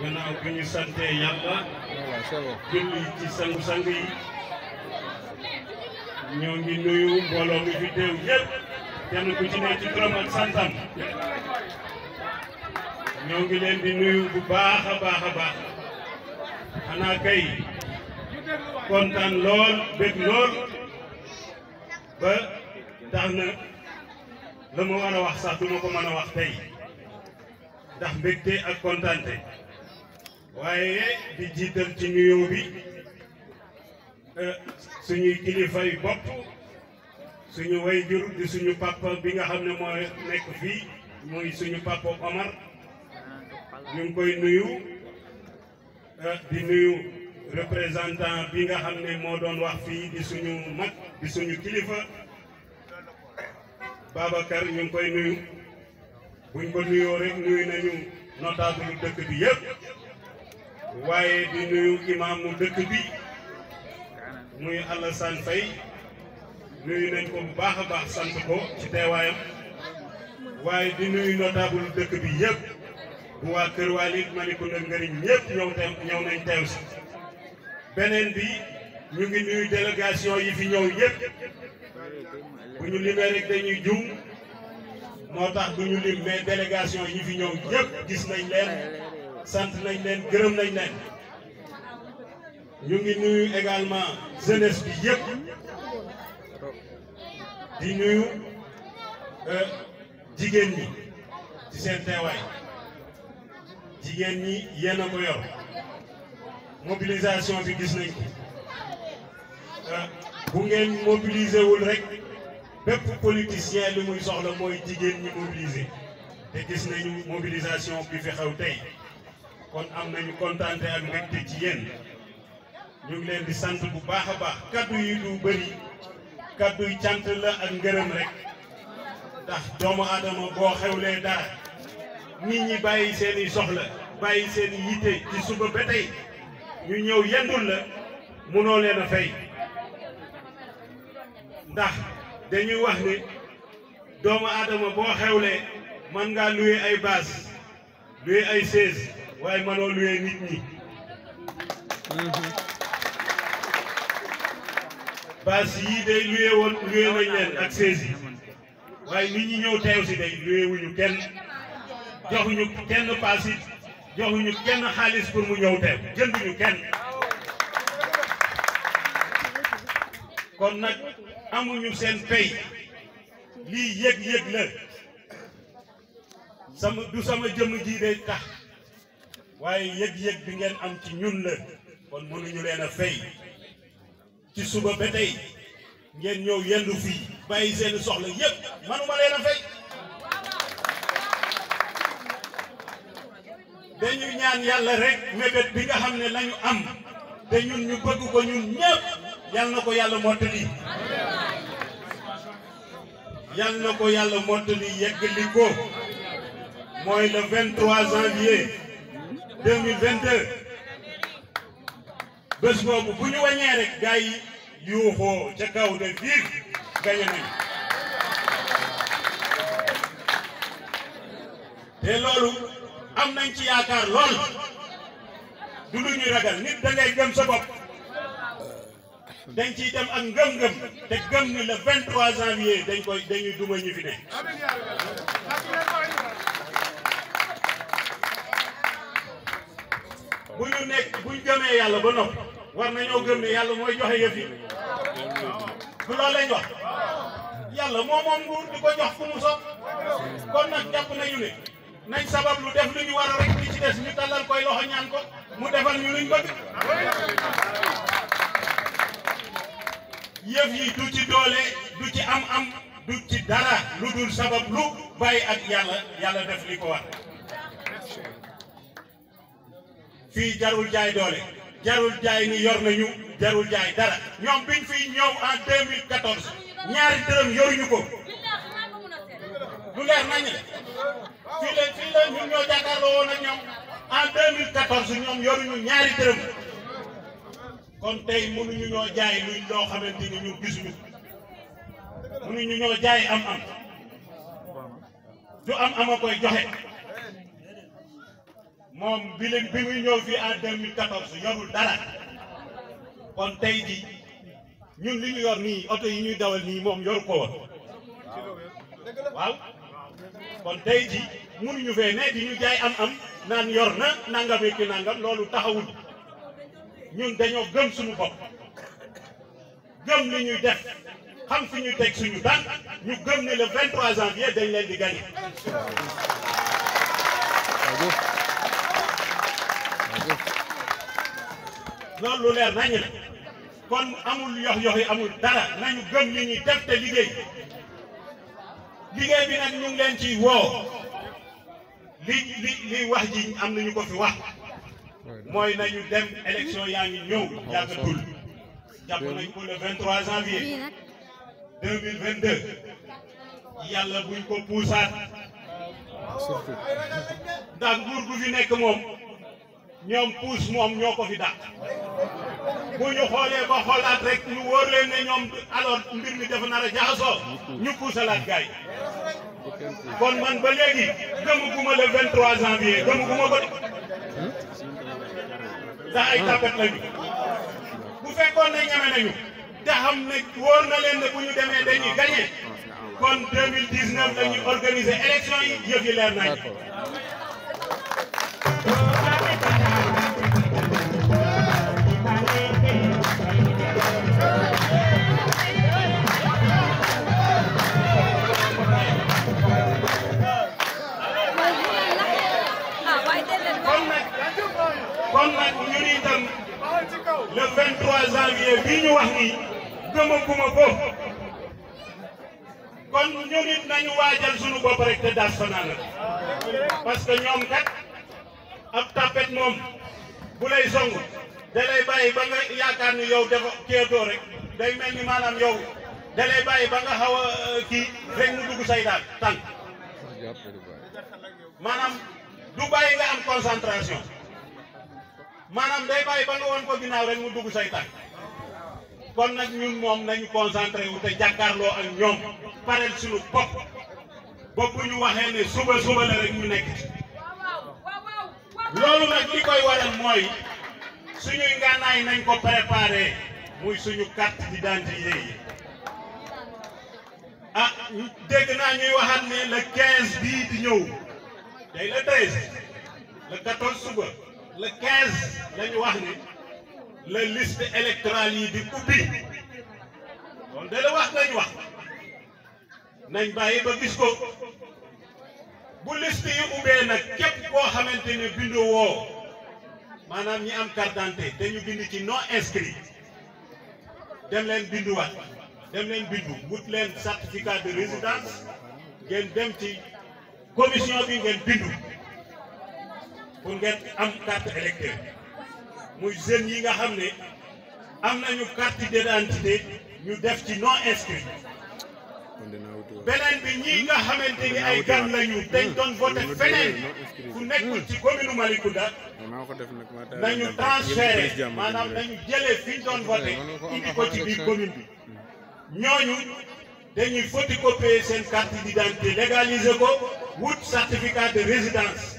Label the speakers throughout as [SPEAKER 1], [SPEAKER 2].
[SPEAKER 1] gannaaw bi ñu sante yàlla julli ci sang-sang yi ñoo ngi nuyu mbooloo mi fi teew kenn ku ci ne ci turam ak santam ñoo ngi leen di nuyu bu baax a baax a baax xanaa kay kontaan lool bég lool ba tax na la ma war a wax sax ma ko mën a wax tey ndax mbégte ak kontaante waaye di jiital ci nuyoo bi eh, suñuy kilifay bopp suñu wayjur di suñu papa bi nga xam ne moo nekk fii muy suñu papa Omar ñu ngi koy nuyu eh, di nuyu représentant bi nga xam ne moo doon wax fii di suñu mag di suñu kilifa Babacar ñu ngi koy nuyu buñ ko nuyoo rek nuyu nañu notable dëkk bi yëpp. waaye di nuyu imaam mu dëkk bi muy Alassane Faye nuyu nañ ko bu baax a baax sant ko ci teewaayam waaye di nuyu notable dëkk bi yëpp bu waa Kër Walit Malicounda Ngëriñ ñëpp ñëw teew nañ teew si beneen bi ñu ngi nuyu délégation yi fi ñëw yëpp bu ñu limee dañuy juum moo tax du ñu lim mais yi fi ñëw yëpp gis nañ leen sant nañ leen gërëm nañ leen ñu ngi nuyu également jeunesse bi yëpp di nuyu euh, jigéen ñi ci seen teewaay jigéen ñi yenn a ko yor bi gis nañ ko euh, bu ngeen mobiliser wul rek bépp politicien li muy soxla mooy jigéen ñi mobiliser te gis nañu mobilisation bi fi xew tey kon am nañu kontaante ak mbégte ci yéen ñu ngi leen di sant bu baax a baax kàddu yi du bëri kaddu yi cant la ak ngërëm rek ndax doomu aadama boo xewlee dara nit ñi bàyyi seen i soxla bàyyi seen i yitte ci suba ba tey ñu ñëw yendul la mënoo leen a fay ndax dañuy wax ni doomu aadama boo xewlee mën ngaa luye ay baas luy ay seize waaye manoo luy nit ñi base yii day luye woon luye nañ leen ak seize yi waaye nit ñi ñëw teew si day luye wuñu kenn joxuñu kenn paas it joxuñu kenn xaalis pour mu ñëw teew jënduñu kenn kon nag amuñu seen pay lii yëg-yëg la sama du sama jëm ji day tax waaye yëg-yëg bi ngeen am ci ñun la kon mënuñu leen a fay ci suba ba tey ngeen ñëw yendu fii bàyyi seeni soxla yëpp manuma leen a dañu ñaan yàlla rekk mébét bi nga xam ne lañu am te ñun ñu bëgg ko ñun ñëpp yal ko yàlla mottali yal ko yàlla mottali yeggali ko mooy le 23 janvier 2022 bés boobu bu ñu wàññee rek gars yi yuuxoo ca kaw de vive gañe nañ te loolu am nañ ci yaakaar lool du lu ñuy ragal nit da ngay gëm sa dañ ciy dem ak ngëm-ngëm te gëm ni le 23 janvier dañ koy duma ñu bu ñu nekk bu ñu gëmee yàlla ba noppi war nañoo gëm ne yàlla mooy joxe yëf yi du loolu lañ wax yàlla moo moom nguur di ko jox ku mu sopp kon nag jàpp nañu ne nañ sabab lu def lu ñu war a rek li ci des ñu tallal koy loxo ñaan ko mu defal ñu luñ bëgg yëf yi du ci doole du ci am am du ci dara lu dul sabab lu bàyyi ak yàlla yàlla def li ko war fii jarul jaay doole jarul jaay ni yor nañu jarul jaay dara ñoom biñ fiy ñëw en 2014 ñaari dërëm yoruñu ko lu leer nañu fii la fii la ñun ñoo jàkkaarloo woon ak ñoom en 2014 ñoom yoruñu ñaari dërëm kon tey mënuñu ñoo jaay luñ loo xamante ni ñu gisuñu mënuñu ñoo jaay am-am du am ama koy joxe. moom bi leen bi muy ñëw fii en 2014 yorul dara kon tey ji ñun li ñu yor nii oto yi ñuy dawal nii moom yoru ko woon waaw kon tey ji mënuñu fee ne di ñu jaay am-am naan yor na nangam ki nangam loolu taxawul ñun dañoo gëm suñu bopp gëm li ñuy def xam fi ñu teg suñu tànk ñu gëm ne le 23 dañ leen di gagné. loolu lu leer nañu la kon amul yox yox yi amul dara nañu gëm li ñuy def te liggéey liggéey bi nag ñu ngi leen ciy woo li li wax ji am nañu ko fi wax mooy nañu dem élection yaa ngi ñëw yàggatul jàpp nañ ko le 23 janvier 2022 yàlla buñ ko puusaat ndax nguur gu fi nekk moom ñoom puus moom ñoo ko fi dàq bu ñu xoolee ba xoolaat rek ñu wóor leen ne ñoom alors mbir mi dafa nar ñu puusalaat gars kon man ba léegi gëmuguma le 23 janvier gëmuguma ko ndax ay tàppet lañu bu fekkoon ne ñeme nañu te ne wóor ne bu ñu demee dañuy gagné kon 2019 la ñu organiser leer nañu. le 23 janvier bi ñu wax nii gëmaguma ko kon ñu nit nañu waajal suñu bopp rek te daas fanaan la parce ñoom kat ab tapet moom bu lay song da lay bàyyi ba nga yaakaar ni yow dafa keetoo day mel ni maanaam yow da ba nga xaw a euh, kii rek mu dugg say daal tànk maanaam du bàyyi nga am concentration maanaam day bàyyi ba nga woon ko ginnaaw rek mu dugg say tànk kon nag ñun moom nañu concentré wu te jàkkaarloo ak ñoom pareel suñu bopp ba bu ñu waxee ne suba suba la rek ñu nekk loolu nag li koy waral mooy suñuy ngànnaay nañ ko préparé muy suñu carte d'identité yi ah dégg naa ñuy waxaat ne le 15 bii di ñëw day le 13 le 14 suba. le 15 la ñu wax ni la liste électorale yi di ubbi loolu de la wax nañ wax nañ bàyyi ba gis bu liste yi ubbee nag képp koo xamante ne bindu woo maanaam ñi am carte d'identité te ñu bind ci non inscrit dem leen binduwaat dem leen bindu wut leen certificat de résidence ngeen dem ci commission bi ngeen bindu. pour ngeen am carte électeur muy jeunes yi nga xam ne am nañu carte d'identité ñu def ci non inscrit beneen bi ñi nga xamante ni ay gan lañu dañ doon voté feneen ku nekkul ci commune Malicounda nañu transféré maanaam nañu jëlee fi ñu doon voté indi ko ci biir commune bi ñooñu dañuy photocopier seen carte d'identité légaliser ko wut certificat de résidence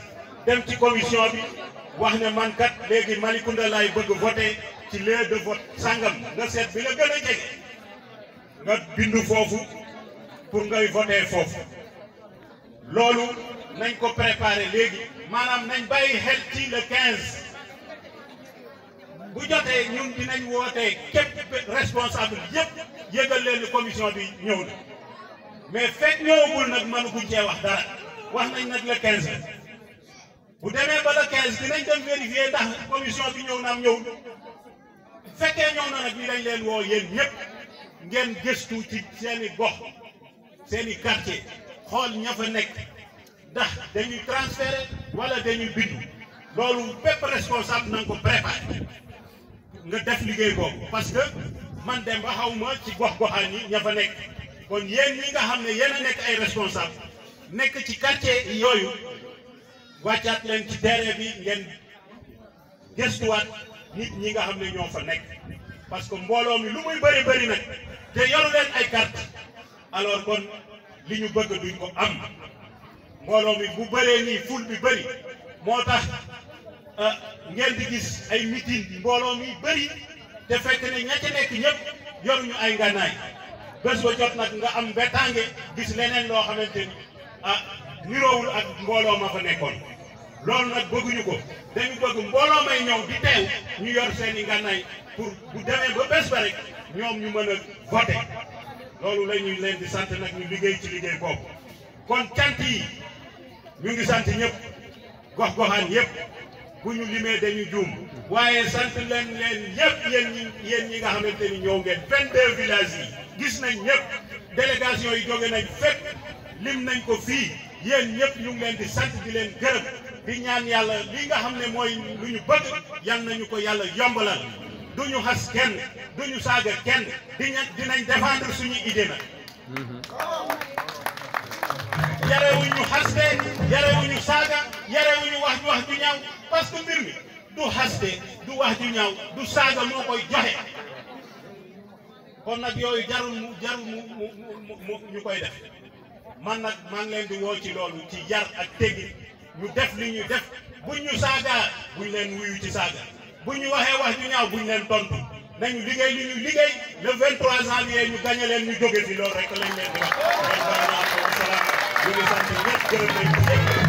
[SPEAKER 1] dem ci commission bi wax ne man kat léegi Malicounda laay bëgg voté ci lieu de vote sangam nga seet bi la gën a jege nga bindu foofu pour ngay voté foofu loolu nañ ko préparé léegi maanaam nañ bàyyi xel ci le 15 bu jotee ñun dinañ wootee képp responsable yëpp yëgal leen ni commission bi ñëw na mais fekk ñëwagul nag mënu guñ cee wax dara wax nañ nag le 15. bu demee ba le 15 dinañ dem vérifier ndax commission bi ñëw naam ñëw fekkee ñoo na nag ñu dañ leen woo yéen ñëpp ngeen gëstu ci seen i gox seen i quartier xool ña fa nekk ndax dañuy transféré wala dañuy bindu loolu bépp responsable na nga ko préparé nga def liggéey boobu parce que man dem ba xaw ma ci gox goxaan yi ña fa nekk kon yéen yi nga xam ne yéen a nekk ay responsable nekk ci quartier yooyu. wàccaat leen ci terrain bi ngeen gëstuwaat nit ñi nga xam ne ñoo fa nekk parce que mbooloo mi lu muy bëri bëri nag te yoru ay carte alors kon li ñu bëgg duñ ko am mbooloo mi bu bëree nii ful bi bëri moo tax euh, ngeen di gis ay meeting mbooloo mi bëri te fekk ne ña ca nekk ñëpp yoruñu ay ngànnaay bés ba jot nag nga am bettange gis leneen loo xamante a ah, niroowul ak mbooloo ma fa nekkoon loolu nag bëgguñu ko dañu bëgg mbooloo may ñëw di teew ñu yor seen i ngànnaay pour bu demee ba bés ba rek ñoom ñu mën a voté loolu la ñuy leen di sant nag ñu liggéey ci liggéey boobu kon cant yi ñu ngi sant ñëpp gox-goxaan yëpp bu ñu limee dañu juum waaye sant leen leen yëpp yéen ñi yéen ñi nga xamante ni ñëw ngeen 22 villages yi gis nañ ñëpp délégation yi jóge nañ fépp lim nañ ko fii. yéen ñëpp ñu ngi di sant di leen gërëm di ñaan yàlla li nga xam ne mooy lu ñu bëgg yal nañu ko yàlla yombalal du ñu xas kenn du ñu saaga kenn di ña dinañ défendre suñu idée na yarewuñu xaste yarewuñu saaga yarewuñu wax wax ju ñaaw parce que mbir mi du xaste du wax ju ñaaw du saaga moo koy joxe kon nag yooyu jarul jarul mu mu mu ñu koy def man nag maa ngi leen di woo ci loolu ci yar ak teggi ñu def li ñu def buñ ñu saagaa gu leen wuyu ci saaga bu ñu waxee wax ju ñaaw buñ leen tontu nañu liggéey li ñu liggéey le 23 janvier ñu gañe leen ñu jóge fi loolu rek lañ leen di wax.